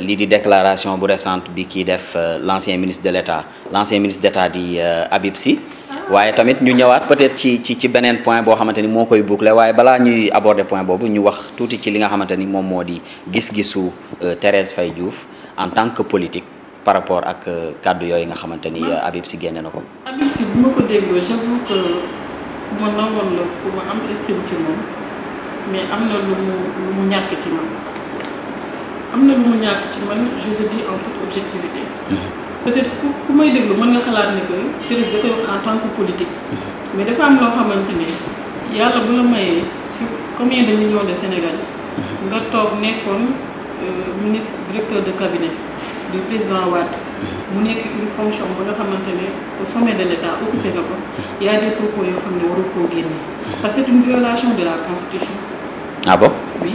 lii di déclaration bu récente bi kii def euh, l'ancien ministre de l'état l'ancien ministre d'état état di euh, Habib Sy waye tamit ñu ñëwaat peut-être ci ci ci beneen point bo xamanteni mo koy boucler waye bala ñuy aborder point bobu ñu wax touti ci li nga xamanteni mom modi gis-gisu euh, Thérèse Faye Diouf en tant que politique par rapport ak kàddu yoy nga xamanteni Habib Sy génne nako Habib Sy bu mako déggo déggoo j'avoue que ma nangoon la ku am estime ci mom mais amna lu mu lu mu ci mom je je le dis en toute objectivité. Mhm. peut-être que ku may déglu mën nga xalaat ni que Félix da en tant que politique. Mhm. mais dafa am loo xamante Il y a la mayee sur combien de millions de Sénégalais mhm. nga toog nekkoon euh, ministre directeur de cabinet du président Wade. mu nekk une fonction ba nga xamante ne au sommet de l' état occupé nga il y' a des propos yoo xam ne waru koo parce que c' une violation de la constitution. ah bon oui.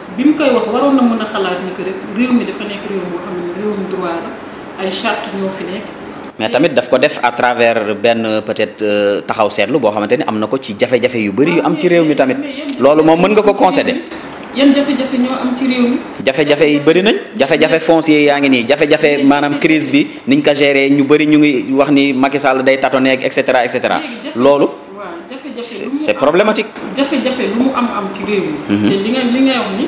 bi mu koy wax waroon na mën a xalaat ni que rek réew mi dafa nekk réew moo xam ne réewum droit la ay charte ñoo fi nekk. mais tamit daf ko def à travers benn peut-être euh, taxaw seetlu boo xamante ni am na ko ci jafe-jafe yu bëri yu am ci réew mi tamit loolu moom mën nga ko concéder. yan jafe-jafe ñoo am ci réew mi. jafe-jafe yi bëri nañ jafe-jafe foncier yaa ngi nii jafe-jafe maanaam crise bi niñ ko géré ñu bëri ñu ngi wax ni Macky Sall day tâtonner ak et cetera et cetera loolu. c'est problématique. jafe-jafe lu mu am am ci réew mi. Mhm. li nga li nga wax ni.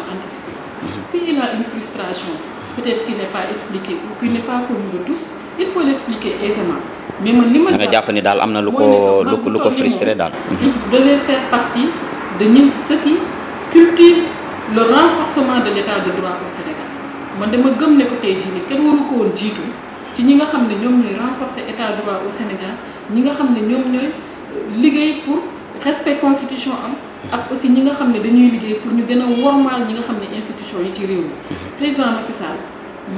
peut-être qu'il n'est pas expliqué ou qu'il n'est pas connu de tous il peut l'expliquer aisément. mais moi li ma. nga jàpp ni daal mhm. il devait faire partie de ce ceux qui cultivent le renforcement de l'état de droit au Sénégal Je dama ne ko pas si je suis dit que woon jiitu ci ñi nga renforcer état de droit au Sénégal ñi nga xam ne ñoom pour respect constitution ak aussi ñi nga xam ne dañuy liggéey pour ñu gën a wormaal ñi nga xam ne institution yi ci réew mi mhm. président Macky Sall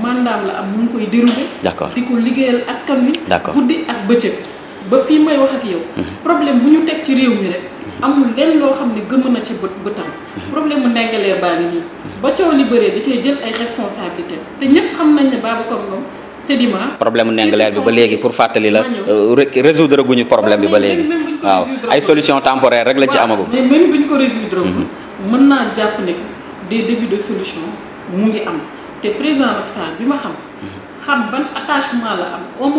mandaam la am ñu ngi koy déroulé. d'accord di ko liggéeyal askan wi. d'accord guddi ak bëccëg ba fii may wax ak yow. Mhm. problème bu ñu teg ci réew mi rek. Mhm. amul lenn loo xam ne gëmm na ci bët bëtam problème mu ndengaleer baa ngi nii ba coow li bëree da cay jël ay responsabilités te ñëpp xam nañ ne Babacar Ngom sédiment. problème mu Ndingler bi ba léegi pour fàttali la euh, résoudre ñu problème bi ba léegi. waaw ay solution temporaire rek lañ ci amagum. mais même bu ñu ko résoudre. Mhm. mën naa jàpp ne des débuts de solution mu ngi am te président Macky Sall bi ma xam. Mhm. xam ban attachement la am au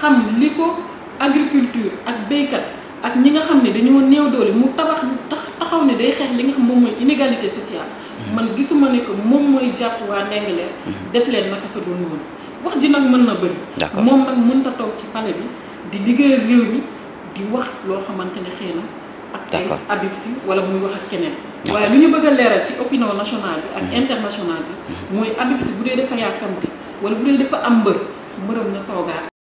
xam li ko agriculture ak baykat ak ñi nga xam ne dañoo néew doole mu tabax taxaw ne day xeex li nga xam moom mooy inégalité sociale. Mhm. man gisuma ne moom mooy jàpp waa Ndingler def leen naka sa doon wax ji nag mën na bëri. d'accord moom nag mën na toog ci palais bi di liggéeyal réew mi di wax loo xamante ne xëy na. d'accord ak Habib Sy wala muy wax ak keneen. waaye lu ñu bëgg a leeral ci opinion nationale bi ak mhm. internationale bi. Mhm. mooy Habib Sy bu dee dafa yàkkamti wala bu dee dafa am mbër mbëram ñu toogaat.